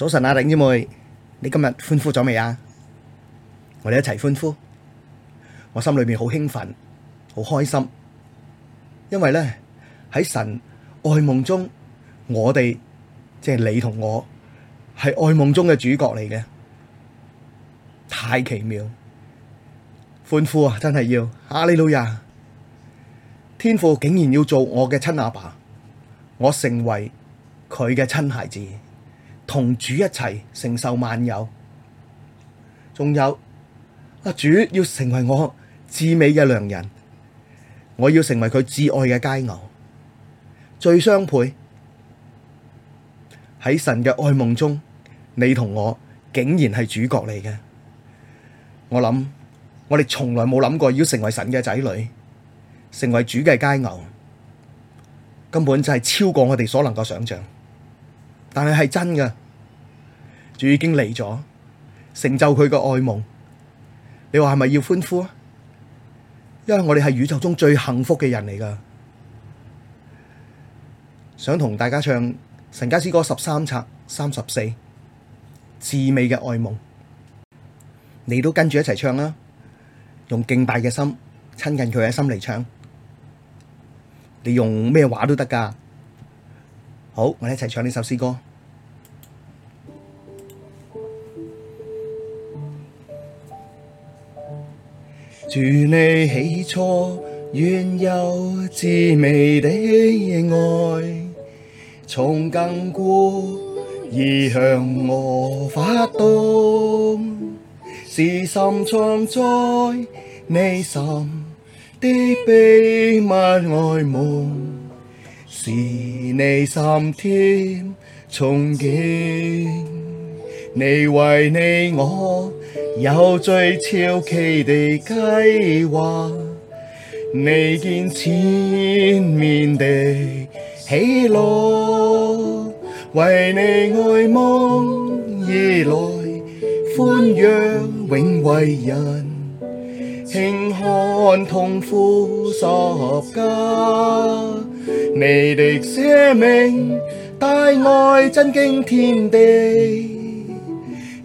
早晨阿靈姐妹，你今日歡呼咗未啊？我哋一齊歡呼！我心裏面好興奮，好開心，因為咧喺神愛夢中，我哋即係你同我，係愛夢中嘅主角嚟嘅，太奇妙！歡呼啊，真係要，哈利路亞！天父竟然要做我嘅親阿爸，我成為佢嘅親孩子。同主一齊承受萬有，仲有啊！主要成為我至美嘅良人，我要成為佢至愛嘅佳偶，最相配。喺神嘅愛夢中，你同我竟然係主角嚟嘅。我諗我哋從來冇諗過要成為神嘅仔女，成為主嘅佳偶，根本就係超過我哋所能夠想象，但係係真嘅。主已經嚟咗，成就佢個愛夢。你話係咪要歡呼啊？因為我哋係宇宙中最幸福嘅人嚟噶。想同大家唱神家詩歌十三冊三十四，至美嘅愛夢。你都跟住一齊唱啦，用敬拜嘅心親近佢嘅心嚟唱。你用咩話都得噶。好，我哋一齊唱呢首詩歌。主，你起初原有至美的愛，從亙古已向我發動，是深藏在你心的秘密愛夢，使祢心甜憧憬。你為你我有最超奇的計劃，你見前面的喜樂，為你愛夢而來，歡躍永為人，輕看痛苦十架，你的捨命大愛震驚天地。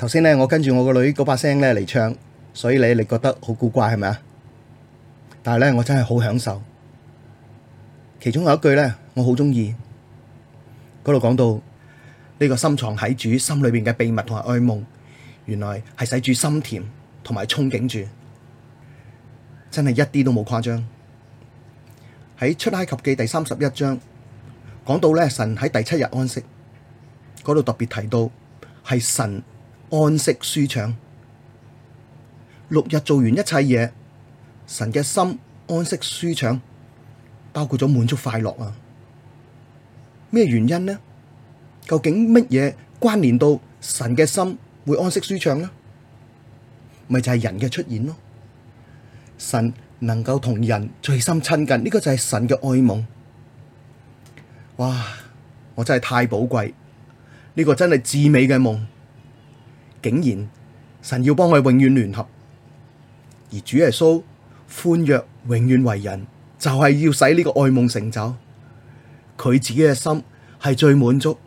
頭先咧，我跟住我個女嗰把聲咧嚟唱，所以你你覺得好古怪係咪啊？但係咧，我真係好享受。其中有一句咧，我好中意，嗰度講到呢個深藏喺主心裏邊嘅秘密同埋愛夢，原來係使主心甜同埋憧憬住，真係一啲都冇誇張。喺出埃及記第三十一章講到咧，神喺第七日安息，嗰度特別提到係神。安息舒暢，六日做完一切嘢，神嘅心安息舒暢，包括咗滿足快樂啊！咩原因呢？究竟乜嘢關聯到神嘅心會安息舒暢呢？咪就係人嘅出現咯！神能夠同人最深親近，呢個就係神嘅愛夢。哇！我真係太寶貴，呢個真係至美嘅夢。竟然神要幫佢永遠聯合，而主耶穌歡躍永遠為人，就係、是、要使呢個愛夢成就。佢自己嘅心係最滿足，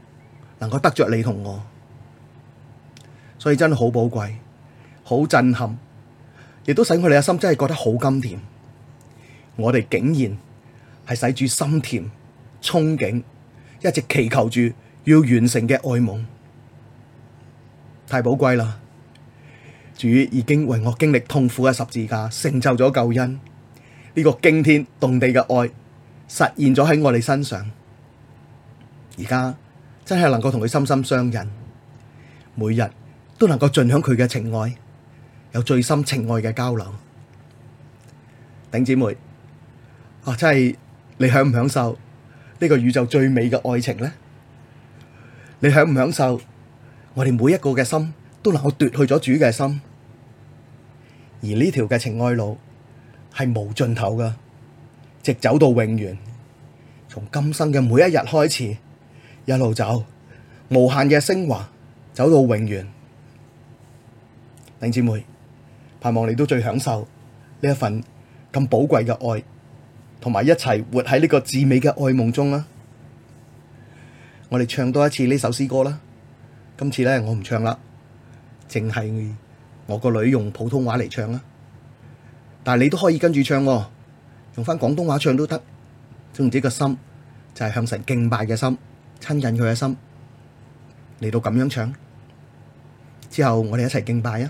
能夠得着你同我，所以真係好寶貴，好震撼，亦都使我哋嘅心真係覺得好甘甜。我哋竟然係使主心甜，憧憬一直祈求住要完成嘅愛夢。太寶貴啦！主已經為我經歷痛苦嘅十字架，成就咗救恩。呢個驚天動地嘅愛，實現咗喺我哋身上。而家真係能夠同佢心心相印，每日都能夠盡享佢嘅情愛，有最深情愛嘅交流。頂姊妹，啊真係你享唔享受呢個宇宙最美嘅愛情呢？你享唔享受？我哋每一個嘅心都能夠奪去咗主嘅心，而呢條嘅情愛路係無盡頭噶，直走到永遠。從今生嘅每一日開始，一路走，無限嘅升華，走到永遠。弟兄姊妹，盼望你都最享受呢一份咁寶貴嘅愛，同埋一齊活喺呢個至美嘅愛夢中啦。我哋唱多一次呢首詩歌啦。今次咧，我唔唱啦，淨係我個女用普通話嚟唱啦。但係你都可以跟住唱喎，用翻廣東話唱都得。總之個心就係向神敬拜嘅心，親近佢嘅心，嚟到咁樣唱。之後我哋一齊敬拜啊！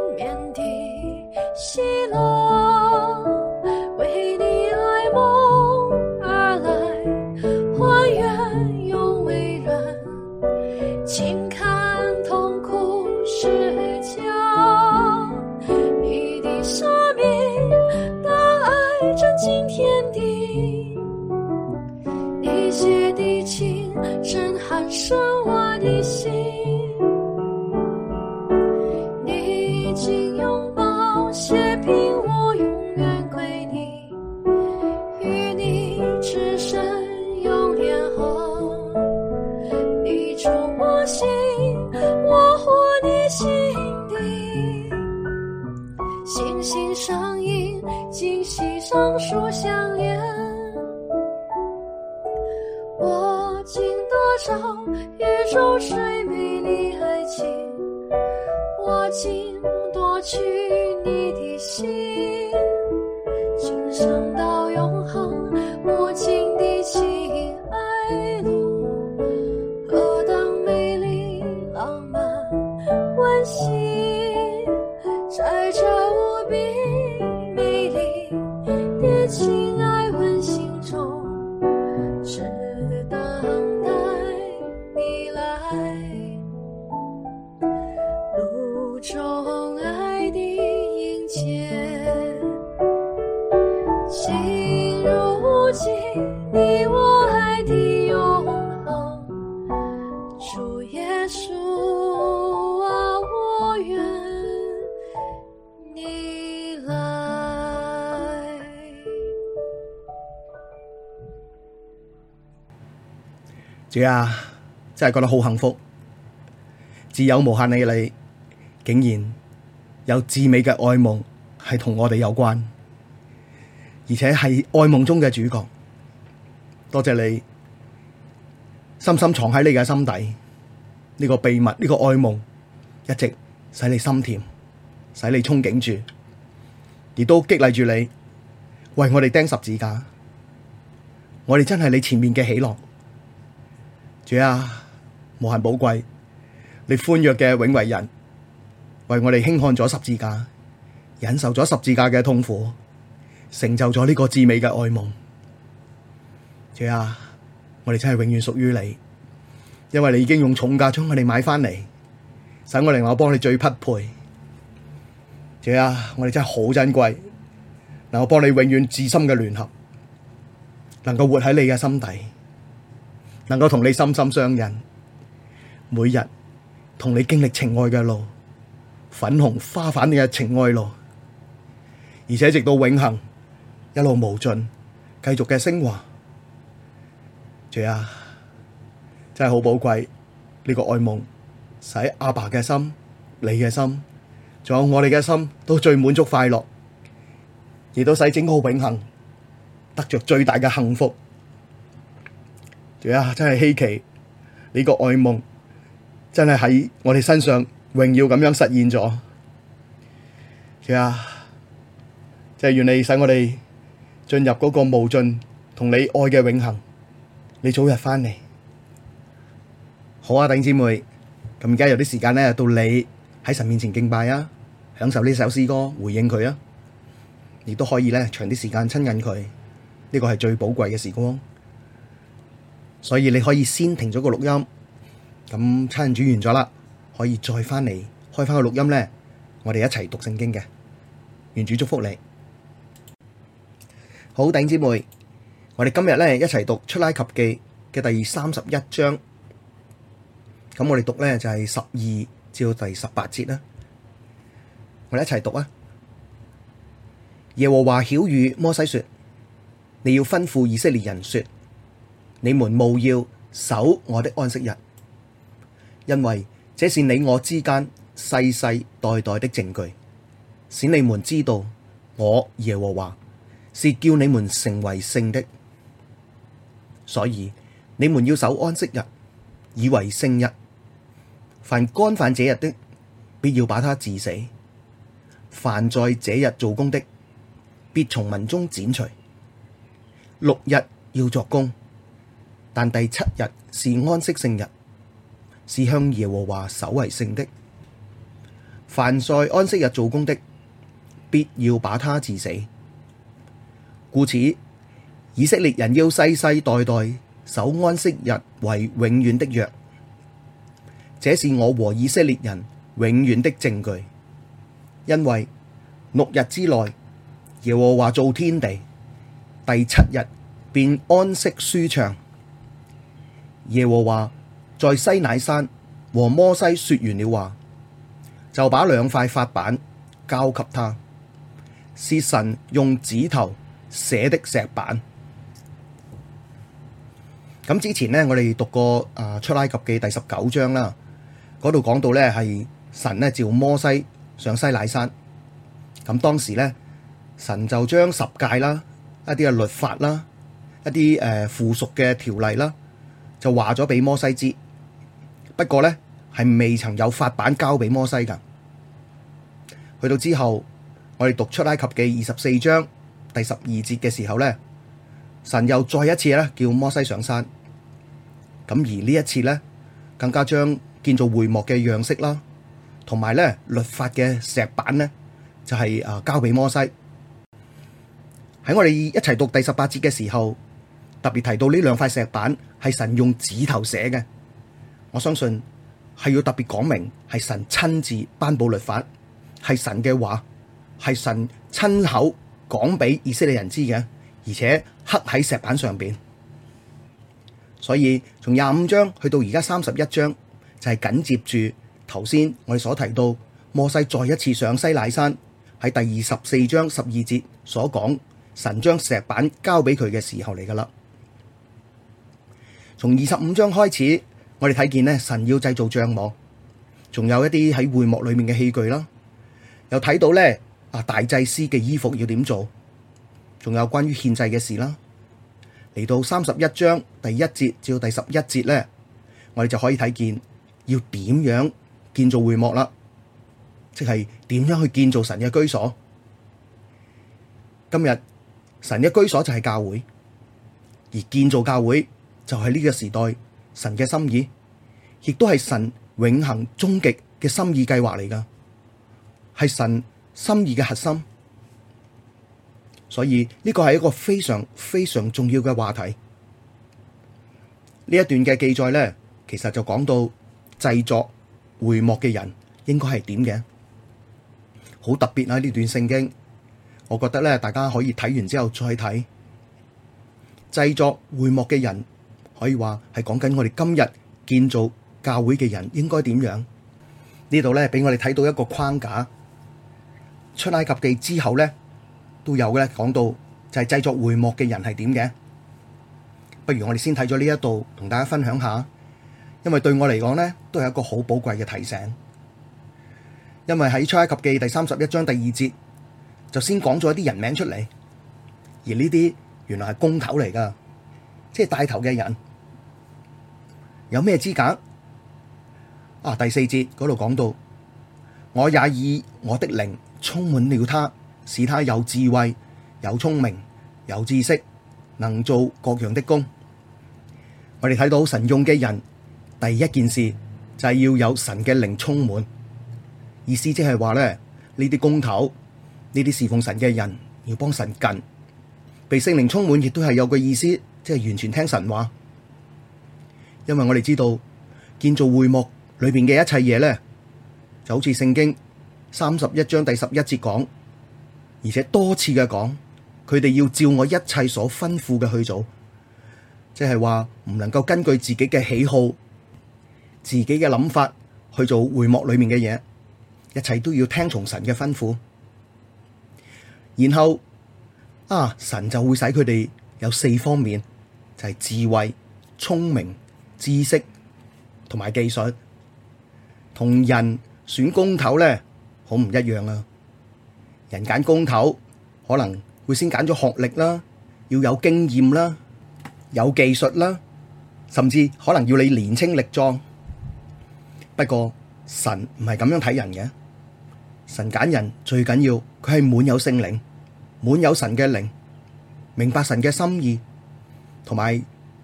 最美麗愛情，我竟奪去你的心。主啊，真係覺得好幸福，自有無限美麗嘅你，竟然有至美嘅愛夢係同我哋有關，而且係愛夢中嘅主角。多謝你深深藏喺你嘅心底呢、這個秘密，呢、這個愛夢一直使你心甜，使你憧憬住，亦都激勵住你為我哋釘十字架。我哋真係你前面嘅喜樂。主啊，無限寶貴，你歡躍嘅永為人，為我哋輕看咗十字架，忍受咗十字架嘅痛苦，成就咗呢個至美嘅愛夢。主啊，我哋真係永遠屬於你，因為你已經用重價將我哋買翻嚟，使我哋我幫你最匹配。主啊，我哋真係好珍貴，能我幫你永遠至深嘅聯合，能夠活喺你嘅心底。能夠同你心心相印，每日同你經歷情愛嘅路，粉紅花粉嘅情愛路，而且直到永恒，一路無盡，繼續嘅升華。主啊，真係好寶貴呢個愛夢，使阿爸嘅心、你嘅心，仲有我哋嘅心，都最滿足快樂，亦都使整個好永恒得着最大嘅幸福。真係稀奇，你個愛夢真係喺我哋身上榮耀咁樣實現咗。仲有就願你使我哋進入嗰個無盡同你愛嘅永恆。你早日翻嚟，好啊，弟兄姊妹。咁而家有啲時間咧，到你喺神面前敬拜啊，享受呢首詩歌回應佢啊，亦都可以咧長啲時間親近佢。呢、這個係最寶貴嘅時光。所以你可以先停咗個錄音，咁餐主完咗啦，可以再返嚟開翻個錄音咧，我哋一齊讀聖經嘅，願主祝福你。好，頂姐妹，我哋今日咧一齊讀出埃及記嘅第三十一章，咁我哋讀咧就係十二至到第十八節啦，我哋一齊讀啊！耶和華曉諭摩西說：你要吩咐以色列人說。你們務要守我的安息日，因為這是你我之間世世代代的證據，使你們知道我耶和華是叫你們成為聖的。所以你們要守安息日，以為聖日。凡干犯這日的，必要把他治死；凡在這日做工的，必從民中剪除。六日要作工。但第七日是安息聖日，是向耶和華守為聖的。凡在安息日做工的，必要把他治死。故此，以色列人要世世代代守安息日為永遠的約。這是我和以色列人永遠的證據，因為六日之內耶和華造天地，第七日便安息舒暢。耶和華在西乃山和摩西說完了話，就把兩塊法版交給他，是神用指頭寫的石版。咁之前呢，我哋讀過《啊出埃及記》第十九章啦，嗰度講到咧係神呢，召摩西上西乃山，咁當時咧神就將十誡啦、一啲嘅律法啦、一啲誒附屬嘅條例啦。就話咗俾摩西知，不過呢，係未曾有法版交俾摩西噶。去到之後，我哋讀出埃及記二十四章第十二節嘅時候呢，神又再一次咧叫摩西上山。咁而呢一次呢，更加將建造會幕嘅樣式啦，同埋咧律法嘅石板呢，就係、是、誒交俾摩西。喺我哋一齊讀第十八節嘅時候。特別提到呢兩塊石板係神用指頭寫嘅，我相信係要特別講明係神親自頒布律法，係神嘅話，係神親口講俾以色列人知嘅，而且刻喺石板上邊。所以從廿五章去到而家三十一章，就係緊接住頭先我哋所提到摩西再一次上西乃山，喺第二十四章十二節所講神將石板交俾佢嘅時候嚟噶啦。從二十五章開始，我哋睇見咧，神要製造帳幕，仲有一啲喺會幕裏面嘅器具啦。又睇到咧，啊大祭司嘅衣服要點做，仲有關於獻祭嘅事啦。嚟到三十一章第一節至到第十一節咧，我哋就可以睇見要點樣建造會幕啦，即係點樣去建造神嘅居所。今日神嘅居所就係教會，而建造教會。就係呢個時代神嘅心意，亦都係神永恆終極嘅心意計劃嚟㗎，係神心意嘅核心。所以呢，這個係一個非常非常重要嘅話題。呢一段嘅記載呢，其實就講到製作會幕嘅人應該係點嘅，好特別啊！呢段聖經，我覺得呢，大家可以睇完之後再睇製作會幕嘅人。可以話係講緊我哋今日建造教會嘅人應該點樣？呢度咧俾我哋睇到一個框架。出埃及記之後咧都有嘅，講到就係製作會幕嘅人係點嘅。不如我哋先睇咗呢一度，同大家分享下，因為對我嚟講咧都係一個好寶貴嘅提醒。因為喺出埃及記第三十一章第二節，就先講咗一啲人名出嚟，而呢啲原來係工頭嚟噶，即係帶頭嘅人。有咩資格？啊！第四節嗰度講到，我也以我的靈充滿了他，使他有智慧、有聰明、有知識，能做各樣的工。我哋睇到神用嘅人，第一件事就係要有神嘅靈充滿。意思即係話咧，呢啲公頭、呢啲侍奉神嘅人要幫神近，被聖靈充滿亦都係有個意思，即係完全聽神話。因為我哋知道建造會幕裏面嘅一切嘢咧，就好似聖經三十一章第十一節講，而且多次嘅講，佢哋要照我一切所吩咐嘅去做，即係話唔能夠根據自己嘅喜好、自己嘅諗法去做會幕裏面嘅嘢，一切都要聽從神嘅吩咐。然後啊，神就會使佢哋有四方面，就係智慧、聰明。知識同埋技術，同人選工頭呢，好唔一樣啊！人揀工頭可能會先揀咗學歷啦，要有經驗啦，有技術啦，甚至可能要你年輕力壯。不過神唔係咁樣睇人嘅，神揀人最緊要佢係滿有聖靈，滿有神嘅靈，明白神嘅心意，同埋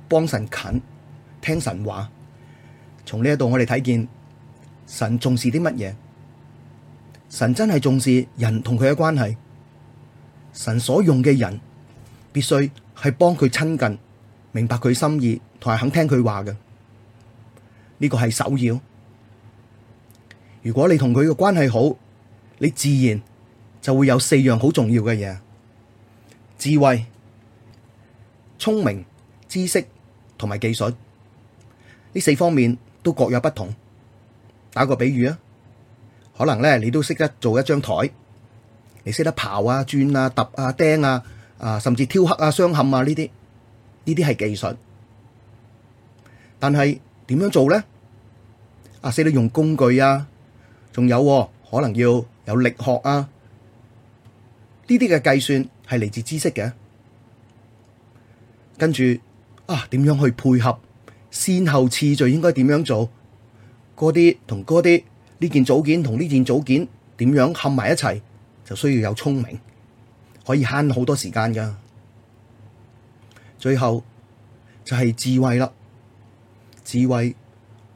幫神近。聽神話，從呢一度，我哋睇見神重視啲乜嘢？神真係重視人同佢嘅關係。神所用嘅人，必須係幫佢親近，明白佢心意，同埋肯聽佢話嘅。呢個係首要。如果你同佢嘅關係好，你自然就會有四樣好重要嘅嘢：智慧、聰明、知識同埋技術。呢四方面都各有不同。打個比喻啊，可能咧你都識得做一張台，你識得刨啊、鑽啊、揼啊、釘啊，啊甚至雕刻啊、鑲嵌啊呢啲，呢啲係技術。但係點樣做咧？啊，識得用工具啊，仲有可能要有力學啊，呢啲嘅計算係嚟自知識嘅。跟住啊，點樣去配合？先後次序應該點樣做？嗰啲同嗰啲呢件組件同呢件組件點樣合埋一齊，就需要有聰明，可以慳好多時間噶。最後就係智慧啦，智慧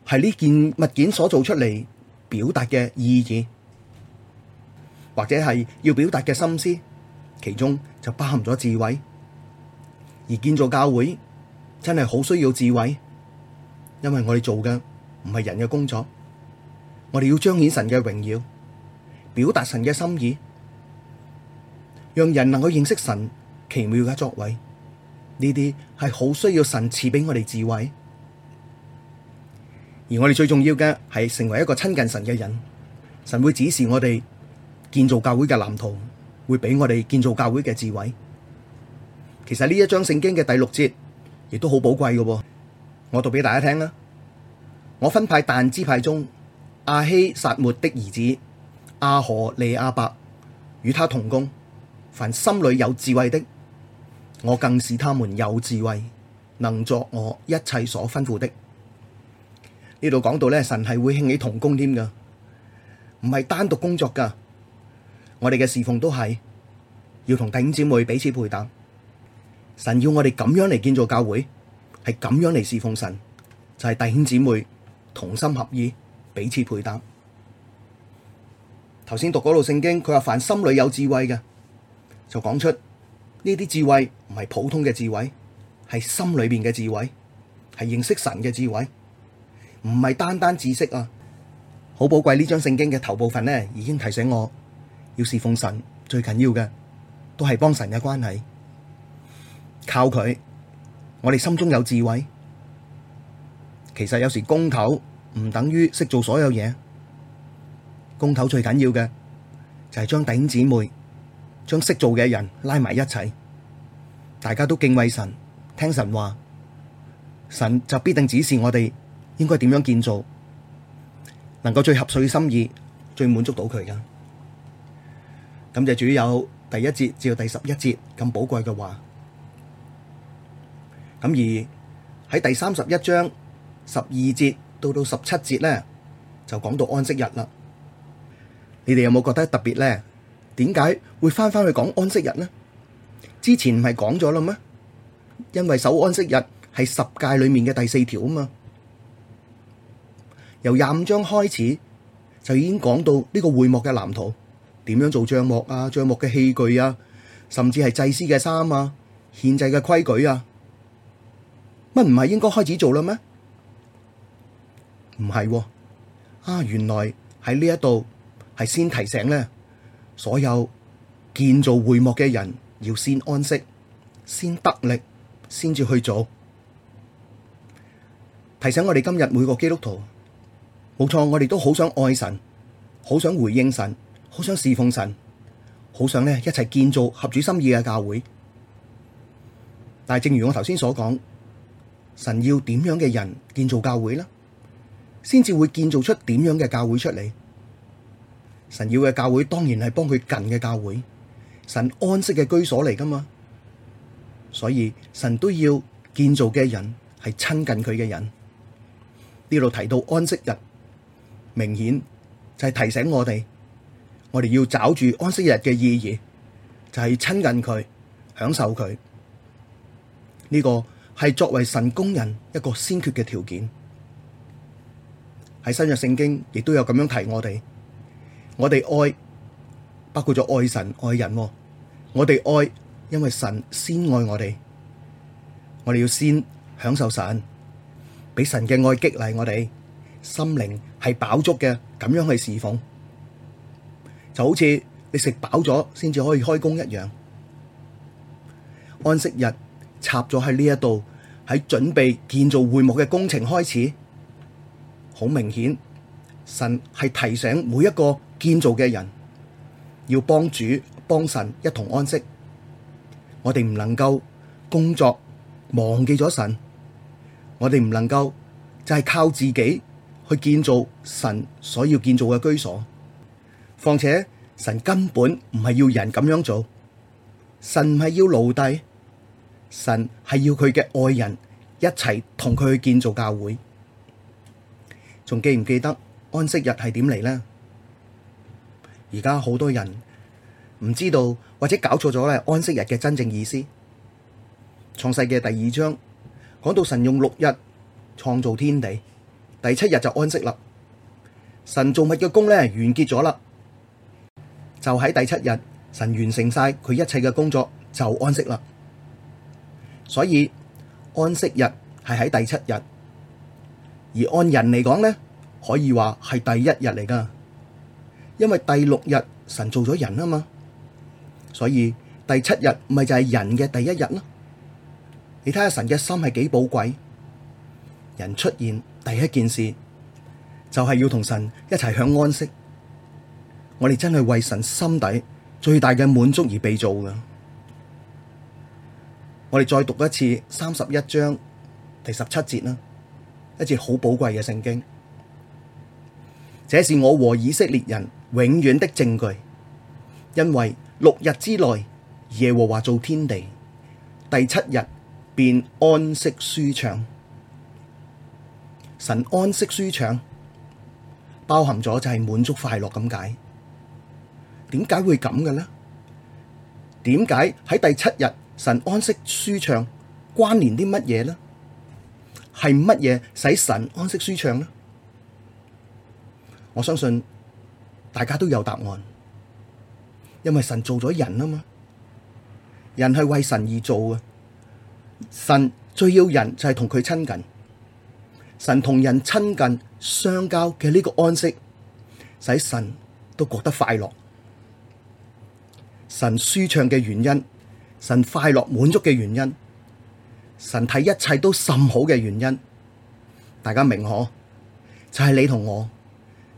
係呢件物件所做出嚟表達嘅意義，或者係要表達嘅心思，其中就包含咗智慧。而建造教會真係好需要智慧。因為我哋做嘅唔係人嘅工作，我哋要彰顯神嘅榮耀，表達神嘅心意，讓人能夠認識神奇妙嘅作為。呢啲係好需要神賜俾我哋智慧，而我哋最重要嘅係成為一個親近神嘅人。神會指示我哋建造教會嘅藍圖，會俾我哋建造教會嘅智慧。其實呢一章聖經嘅第六節亦都好寶貴嘅。我讀俾大家聽啦。我分派但支派中亞希撒抹的兒子亞何利亞伯與他同工。凡心裏有智慧的，我更使他們有智慧，能作我一切所吩咐的。呢度講到咧，神係會興起同工添噶，唔係單獨工作噶。我哋嘅侍奉都係要同弟兄姊妹彼此配搭。神要我哋咁樣嚟建造教會。係咁樣嚟侍奉神，就係弟兄姊妹同心合意，彼此配搭。頭先讀嗰度聖經，佢話凡心裏有智慧嘅，就講出呢啲智慧唔係普通嘅智慧，係心裏面嘅智慧，係認識神嘅智慧，唔係單單知識啊。好寶貴呢張聖經嘅頭部分呢，已經提醒我要侍奉神，最緊要嘅都係幫神嘅關係，靠佢。我哋心中有智慧，其實有時工頭唔等於識做所有嘢。工頭最緊要嘅就係將弟兄姊妹、將識做嘅人拉埋一齊，大家都敬畏神，聽神話，神就必定指示我哋應該點樣建造，能夠最合佢心意、最滿足到佢㗎。咁就主要有第一節至到第十一節咁寶貴嘅話。咁而喺第三十一章十二節到到十七節呢，就講到安息日啦。你哋有冇覺得特別呢？點解會翻翻去講安息日呢？之前唔係講咗嘞咩？因為守安息日係十誡裏面嘅第四條啊嘛。由廿五章開始就已經講到呢個會幕嘅藍圖，點樣做帳幕啊，帳幕嘅器具啊，甚至係祭司嘅衫啊，獻祭嘅規矩啊。乜唔係應該開始做啦咩？唔係，啊，原來喺呢一度係先提醒咧，所有建造會幕嘅人要先安息，先得力，先至去做。提醒我哋今日每個基督徒，冇錯，我哋都好想愛神，好想回應神，好想侍奉神，好想咧一齊建造合主心意嘅教會。但係正如我頭先所講。神要點樣嘅人建造教會啦，先至會建造出點樣嘅教會出嚟。神要嘅教會當然係幫佢近嘅教會，神安息嘅居所嚟噶嘛。所以神都要建造嘅人係親近佢嘅人。呢度提到安息日，明顯就係提醒我哋，我哋要找住安息日嘅意義，就係親近佢，享受佢呢個。係作為神工人一個先決嘅條件，喺新約聖經亦都有咁樣提我哋。我哋愛包括咗愛神、愛人。我哋愛，因為神先愛我哋，我哋要先享受神俾神嘅愛激勵我哋心靈係飽足嘅，咁樣去侍奉就好似你食飽咗先至可以開工一樣。安息日插咗喺呢一度。喺準備建造會幕嘅工程開始，好明顯，神係提醒每一個建造嘅人，要幫主幫神一同安息。我哋唔能夠工作，忘記咗神，我哋唔能夠就係靠自己去建造神所要建造嘅居所。況且神根本唔係要人咁樣做，神唔係要奴隸。神係要佢嘅愛人一齊同佢去建造教會，仲記唔記得安息日係點嚟呢？而家好多人唔知道或者搞錯咗咧安息日嘅真正意思。創世嘅第二章講到神用六日創造天地，第七日就安息啦。神做物嘅工咧完結咗啦，就喺第七日，神完成晒佢一切嘅工作就安息啦。所以安息日係喺第七日，而按人嚟講呢，可以話係第一日嚟噶，因為第六日神做咗人啊嘛，所以第七日咪就係人嘅第一日咯。你睇下神嘅心係幾寶貴，人出現第一件事就係、是、要同神一齊享安息，我哋真係為神心底最大嘅滿足而被造噶。我哋再讀一次三十一章第十七節啦，一節好寶貴嘅聖經。這是我和以色列人永遠的證據，因為六日之內耶和華造天地，第七日便安息舒暢。神安息舒暢，包含咗就係滿足快樂咁解。點解會咁嘅呢？點解喺第七日？神安息舒暢，關聯啲乜嘢呢？係乜嘢使神安息舒暢呢？我相信大家都有答案，因為神做咗人啊嘛，人係為神而做嘅，神最要人就係同佢親近，神同人親近相交嘅呢個安息，使神都覺得快樂，神舒暢嘅原因。神快樂滿足嘅原因，神睇一切都甚好嘅原因，大家明可就係、是、你同我，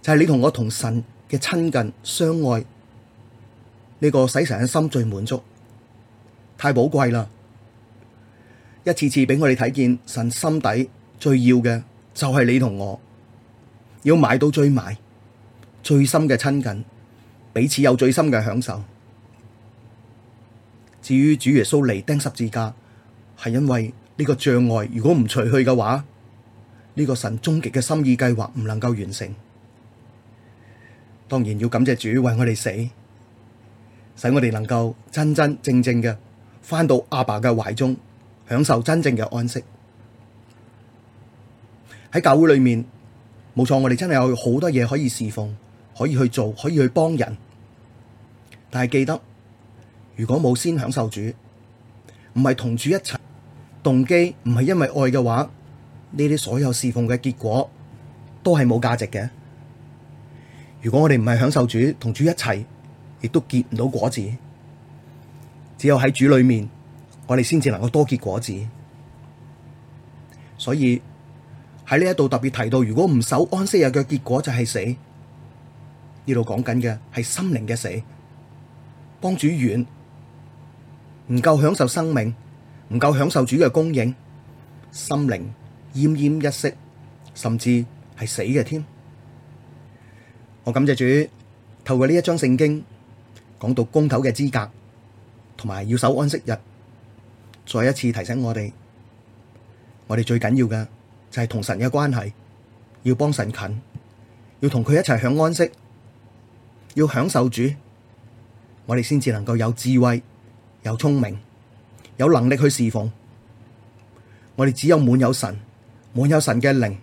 就係、是、你同我同神嘅親近相愛呢、這個使神嘅心最滿足，太寶貴啦！一次次俾我哋睇見神心底最要嘅就係你同我，要買到最埋最深嘅親近，彼此有最深嘅享受。至於主耶穌嚟，釘十字架，係因為呢個障礙，如果唔除去嘅話，呢個神終極嘅心意計劃唔能夠完成。當然要感謝主為我哋死，使我哋能夠真真正正嘅翻到阿爸嘅懷中，享受真正嘅安息。喺教會裏面，冇錯，我哋真係有好多嘢可以侍奉，可以去做，可以去幫人，但係記得。如果冇先享受主，唔係同主一齊，動機唔係因為愛嘅話，呢啲所有侍奉嘅結果都係冇價值嘅。如果我哋唔係享受主，同主一齊，亦都結唔到果子。只有喺主裏面，我哋先至能夠多結果子。所以喺呢一度特別提到，如果唔守安息日嘅結果就係死，呢度講緊嘅係心靈嘅死。幫主完。唔夠享受生命，唔夠享受主嘅供應，心靈奄奄一息，甚至係死嘅添。我感謝主，透過呢一章聖經講到工頭嘅資格，同埋要守安息日，再一次提醒我哋，我哋最緊要嘅就係同神嘅關係，要幫神近，要同佢一齊享安息，要享受主，我哋先至能夠有智慧。有聰明，有能力去侍奉。我哋只有滿有神、滿有神嘅靈，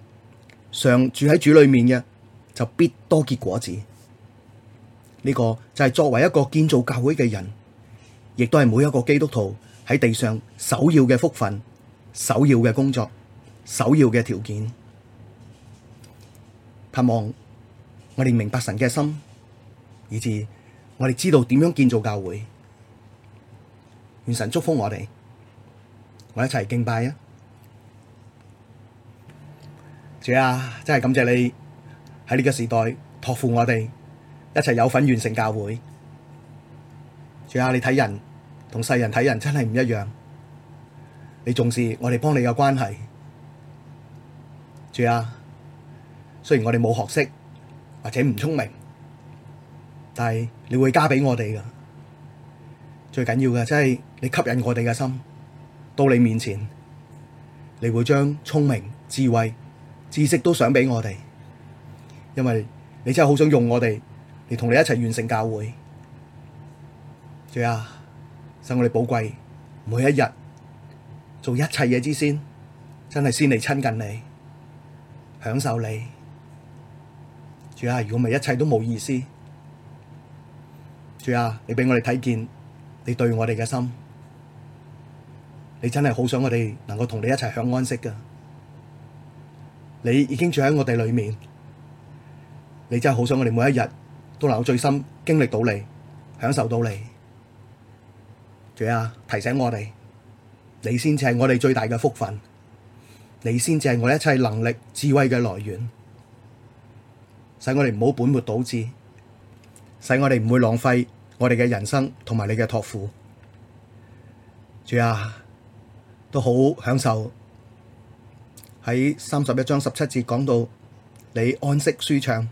常住喺主裏面嘅，就必多結果子。呢、這個就係作為一個建造教會嘅人，亦都係每一個基督徒喺地上首要嘅福分、首要嘅工作、首要嘅條件。盼望我哋明白神嘅心，以至我哋知道點樣建造教會。願神祝福我哋，我一齊敬拜啊！主啊，真係感謝你喺呢個時代託付我哋，一齊有份完成教會。主啊，你睇人同世人睇人真係唔一樣，你重視我哋幫你嘅關係。主啊，雖然我哋冇學識或者唔聰明，但係你會加俾我哋噶。最緊要嘅，即係你吸引我哋嘅心到你面前，你會將聰明、智慧、知識都想俾我哋，因為你真係好想用我哋嚟同你一齊完成教會。主啊，使我哋寶貴每一日做一切嘢之先，真係先嚟親近你，享受你。主啊，如果唔係，一切都冇意思。主啊，你俾我哋睇見。你對我哋嘅心，你真係好想我哋能夠同你一齊享安息噶。你已經住喺我哋裏面，你真係好想我哋每一日都能夠最深經歷到你，享受到你。主啊，提醒我哋，你先至係我哋最大嘅福分，你先至係我一切能力、智慧嘅來源，使我哋唔好本末倒置，使我哋唔會浪費。我哋嘅人生同埋你嘅託付，主啊，都好享受。喺三十一章十七節講到，你安息舒暢，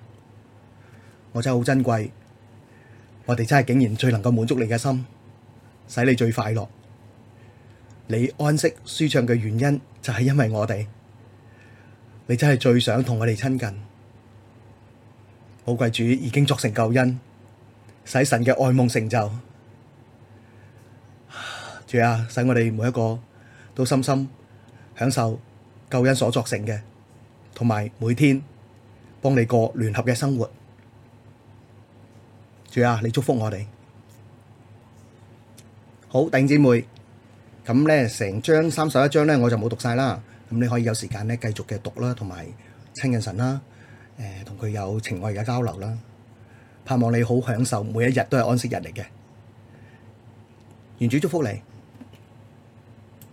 我真係好珍貴。我哋真係竟然最能夠滿足你嘅心，使你最快樂。你安息舒暢嘅原因就係因為我哋，你真係最想同我哋親近。寶貴主已經作成救恩。使神嘅愛夢成就，主啊，使我哋每一個都深深享受救恩所作成嘅，同埋每天幫你過聯合嘅生活。主啊，你祝福我哋。好，弟兄姊妹，咁咧成章三十一章咧我就冇讀晒啦，咁你可以有時間咧繼續嘅讀啦，同埋親近神啦，誒、呃，同佢有情愛嘅交流啦。盼望你好享受每一日都係安息日嚟嘅，願主祝福你。